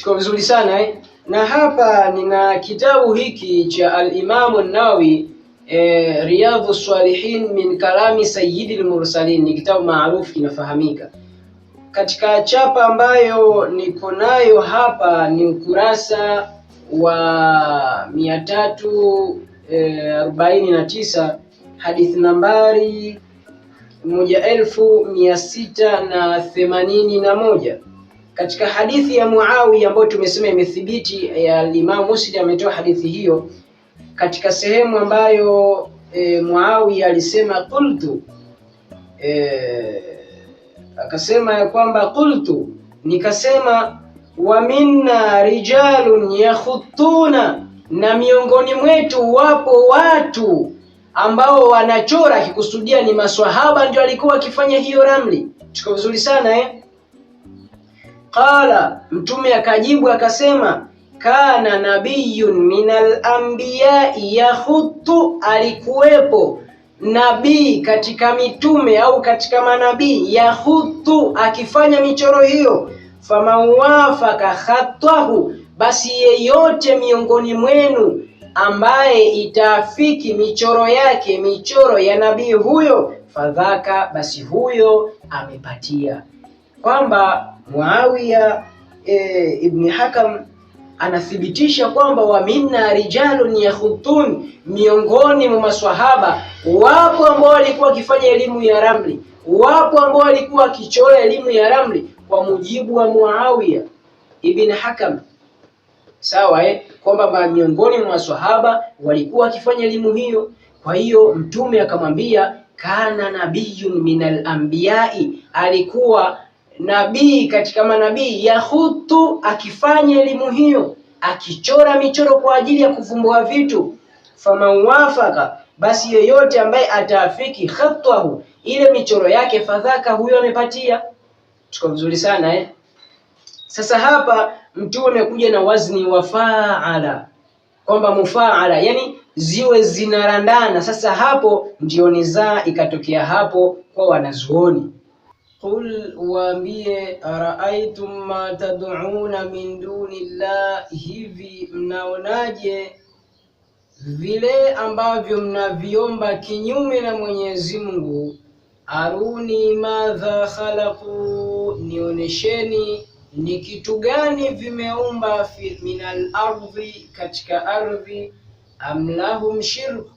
Tuko vizuri sana eh? Na hapa nina kitabu hiki cha al-Imamu Nawawi eh, Riyadhu Salihin min kalami sayyidil mursalin, ni kitabu maarufu kinafahamika. Katika chapa ambayo niko nayo hapa ni ukurasa wa 349 hadith eh, hadithi nambari moja elfu mia sita na themanini na moja. Katika hadithi ya Muawiya ambayo tumesema imethibiti eh, ya Imam Muslim ametoa hadithi hiyo katika sehemu ambayo e, Muawiya alisema qultu e, akasema ya kwamba qultu, nikasema wa minna rijalun yakhutuna, na miongoni mwetu wapo watu ambao wanachora, akikusudia ni maswahaba ndio alikuwa akifanya hiyo ramli. Tuko vizuri sana eh? Qala, mtume akajibu akasema, kana nabiyun minal anbiyai yahutu, alikuwepo nabii katika mitume au katika manabii, yahutu akifanya michoro hiyo. famanwafaka khatwahu, basi yeyote miongoni mwenu ambaye itaafiki michoro yake michoro ya nabii huyo, fadhaka, basi huyo amepatia kwamba Muawiya e, eh, Ibni Hakam anathibitisha kwamba wa minna rijalun yakhutun, miongoni mwa maswahaba wapo ambao walikuwa wakifanya elimu ya ramli, wapo ambao walikuwa wakichora elimu ya ramli kwa mujibu wa Muawiya Ibn Hakam. Sawa eh? Kwamba miongoni mwa maswahaba walikuwa wakifanya elimu hiyo. Kwa hiyo Mtume akamwambia, kana nabiyun minal anbiyai, alikuwa nabii katika manabii, yahutu akifanya elimu hiyo, akichora michoro kwa ajili ya kuvumbua vitu. Famauwafaka, basi yeyote ambaye ataafiki khatwahu, ile michoro yake, fadhaka, huyo amepatia. Tuko vizuri sana eh? Sasa hapa mtume amekuja na wazni wa faala kwamba mufaala, yani ziwe zinarandana. Sasa hapo ndio nizaa ikatokea hapo kwa wanazuoni قل waambie araaitum ma tad'una من دون الله hivi mnaonaje vile ambavyo mnaviomba kinyume na Mwenyezi Mungu. Aruni madha khalaqu, nionesheni ni kitu gani vimeumba. Minal ardhi, katika ardhi. Amlahum shirku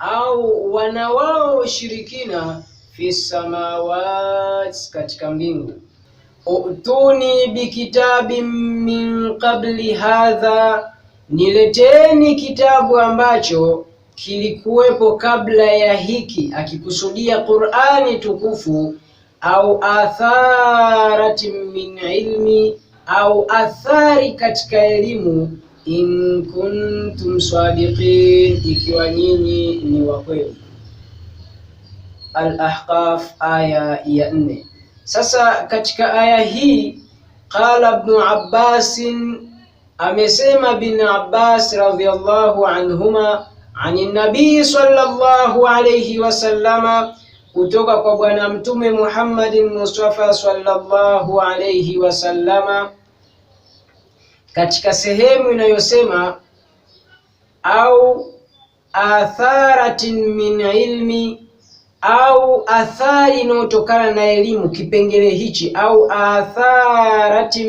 au wana wao shirikina fi samawati, katika mbingu. Utuni bikitabin min qabli hadha, nileteni kitabu ambacho kilikuwepo kabla ya hiki, akikusudia Qur'ani tukufu au atharati min ilmi au athari katika elimu, in kuntum sadiqin, ikiwa nyinyi ni wakweli. Al-Ahqaf aya ya nne. Sasa katika aya hii qala Ibnu Abbas, amesema bin Abbas radhiyallahu anhuma ani nabii sallallahu alayhi wasallama, kutoka kwa bwana mtume Muhammadin Mustafa sallallahu alayhi wasallama, katika sehemu inayosema au atharatin min ilmi au athari inayotokana na elimu kipengele hichi, au atharati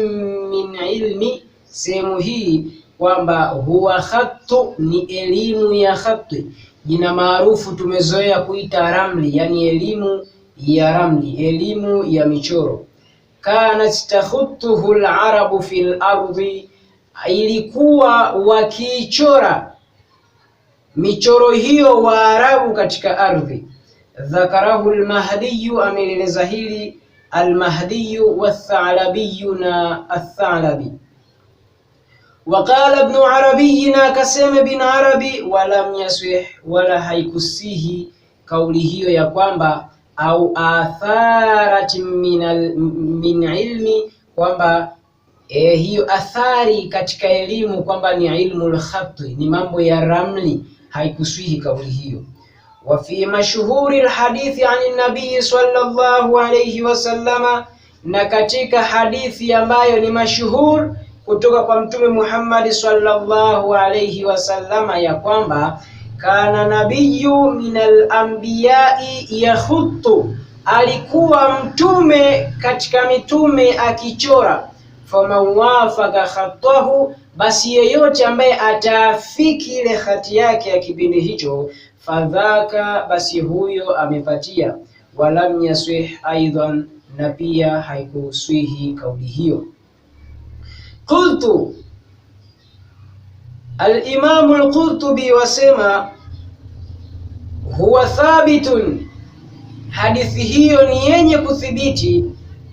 min ilmi sehemu hii kwamba huwa khattu ni elimu ya khati, jina maarufu tumezoea kuita ramli, yani elimu ya ramli, elimu ya michoro. Kanat takhutuhu larabu fi lardhi ilikuwa wakiichora michoro hiyo Waarabu katika ardhi dhakarahu Almahdiyu, ameeleza hili Almahdiyu wathalabiyu na Athalabi. Waqala Ibnu Arabiyi, na akasema Ibn Arabi, walam yasih, wala haikusihi kauli hiyo ya kwamba au atharati min ilmi, kwamba eh, hiyo athari katika elimu kwamba ni ilmu lkhati, ni mambo ya ramli, haikusihi kauli hiyo wa fi الحديث عن النبي صلى sallallahu alayhi wasallama, na katika hadithi ambayo ni mashuhur kutoka kwa Mtume Muhammad sallallahu alayhi wasallama ya kwamba kana nabiyu minal anbiyai yakhuttu, alikuwa mtume katika mitume akichora. Faman wafaka khatahu, basi yeyote ambaye ataafiki ile hati yake ya kipindi hicho fadhaka, basi huyo amepatia. Walam yaswih aidan, na pia haikuswihi kauli hiyo. Qultu, Alimamu qurtubi wasema huwa thabitun, hadithi hiyo ni yenye kuthibiti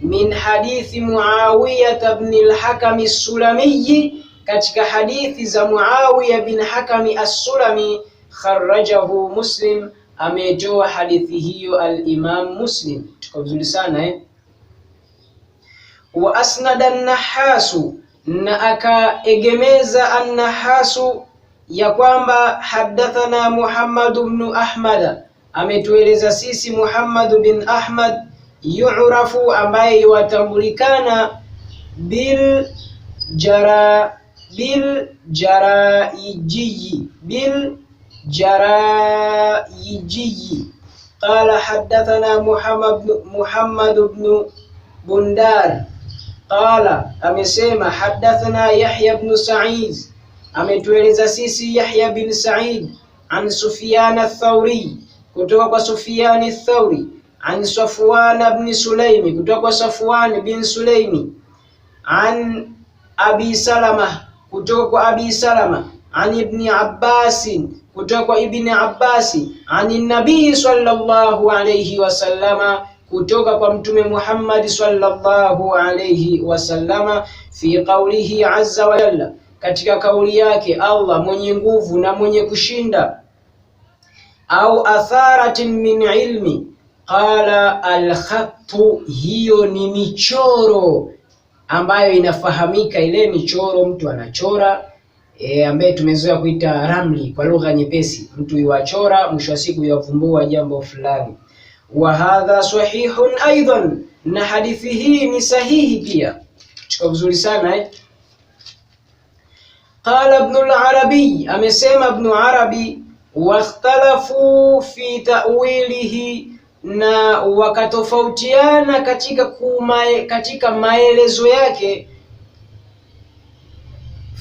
min hadithi Muawiyata bni lhakami Sulami, katika hadithi za Muawiya bin Hakami Assulami kharrajahu Muslim, ametoa hadithi hiyo al-Imam Muslim. Tuko vizuri sana eh? wa asnada an-Nahasu, na akaegemeza an-Nahasu ya kwamba haddathana Muhammad ibn Ahmad, ametueleza sisi Muhammad bin Ahmad yu'rafu, ambaye yuwatambulikana bil jara bil jaraiji bil الجرائجي قال حدثنا محمد محمد بن بندار قال amesema حدثنا يحيى بن سعيد ametueleza sisi Yahya bin Said an Sufyan ath-Thauri kutoka kwa Sufyan ath-Thauri an Safwan ibn Sulaimi kutoka kwa Safwan bin Sulaimi an Abi Salama kutoka kwa Abi Salama an Ibni Abbasin kutoka kwa Ibn Abbasi ani nabii sallallahu alayhi wasallama, kutoka kwa Mtume Muhammad sallallahu alayhi wasallama, fi qaulihi azza wa jalla, katika kauli yake Allah mwenye nguvu na mwenye kushinda, au atharatin min ilmi qala alkhatu, hiyo ni michoro ambayo inafahamika, ile michoro mtu anachora e, ambaye tumezoea kuita ramli kwa lugha nyepesi, mtu iwachora, mwisho wa siku yavumbua jambo fulani. Wa hadha sahihun aidan, na hadithi hii ni sahihi pia. Chukua vizuri sana eh? Qala Ibn al-Arabi, amesema Ibn Arabi, wakhtalafu fi ta'wilihi, na wakatofautiana katika kumae, katika maelezo yake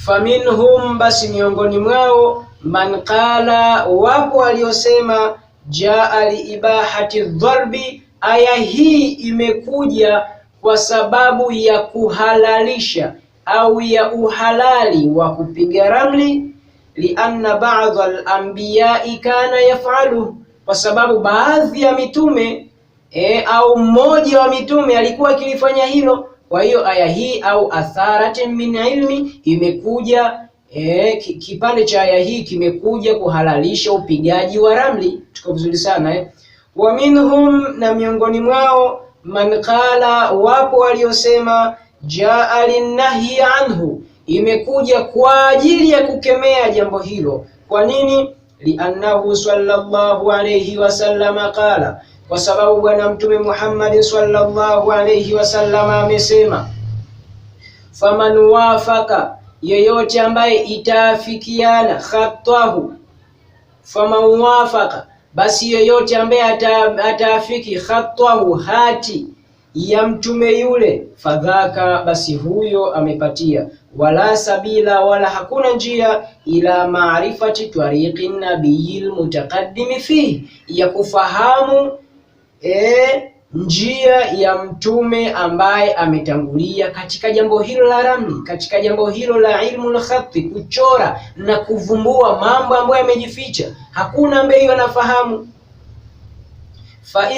faminhum, basi miongoni mwao, man qala, wapo waliosema, jaa liibahati dharbi, aya hii imekuja kwa sababu ya kuhalalisha au ya uhalali wa kupiga ramli, lianna ba'dha al kana yafalu, kwa sababu baadhi ya mitume e, au mmoja wa mitume alikuwa akilifanya hilo kwa hiyo aya hii au atharatin min ilmi imekuja e, kipande cha aya hii kimekuja kuhalalisha upigaji wa ramli. Tuko vizuri sana eh? Wa minhum, na miongoni mwao, man qala, wapo waliosema, jaa linnahi anhu, imekuja kwa ajili ya kukemea jambo hilo. Kwa nini? Liannahu sallallahu alayhi wasallam qala kwa sababu Bwana Mtume Muhammad sallallahu alayhi wasallam amesema, faman wafaka, yeyote ambaye itaafikiana khatahu, faman wafaka, basi yeyote ambaye ataafiki khatahu, hati ya mtume yule, fadhaka, basi huyo amepatia wala sabila wala hakuna njia ila maarifati tariqi nabiyil mutaqaddimi fihi, ya kufahamu e, njia ya mtume ambaye ametangulia katika jambo hilo la ramli, katika jambo hilo la ilmu khati, kuchora na kuvumbua mambo ambayo yamejificha, hakuna ambaye anafahamu.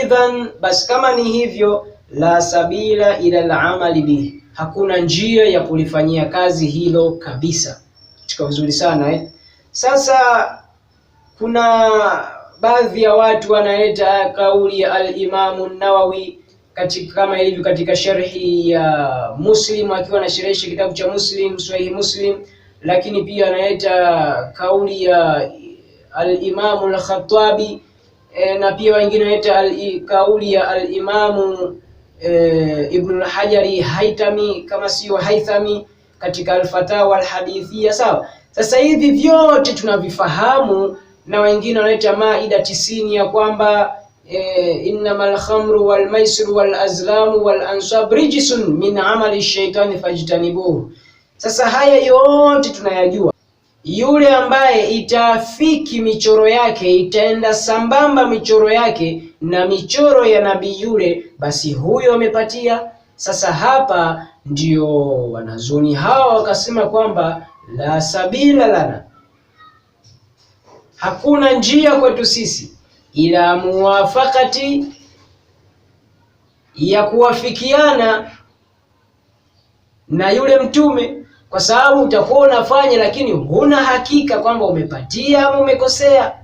idhan, basi kama ni hivyo, la sabila ila al-amali bihi, hakuna njia ya kulifanyia kazi hilo kabisa. Tuka vizuri sana eh? Sasa kuna baadhi ya watu wanaleta kauli ya alimamu Nawawi katika kama ilivyo katika sharhi ya Muslim akiwa anasherehesha kitabu cha Muslim Sahih Muslim, lakini pia analeta kauli ya alimamu al-Khattabi e, na pia wengine wanaleta al kauli ya alimamu e, eh, Ibn al-Hajari Haitami kama sio Haithami katika al-Fatawa al-Hadithia. Sawa, sasa hivi vyote tunavifahamu na wengine wanaita maida tisini ya kwamba e, innamal khamru wal maisir wal azlamu wal ansab rijsun min amali shaitani fajtanibuhu. Sasa haya yote tunayajua. Yule ambaye itafiki michoro yake itaenda sambamba michoro yake na michoro ya nabii yule, basi huyo amepatia. Sasa hapa ndio wanazuni hawa wakasema kwamba la sabila lana hakuna njia kwetu sisi ila muwafakati ya kuwafikiana na yule mtume, kwa sababu utakuwa unafanya, lakini huna hakika kwamba umepatia ama umekosea.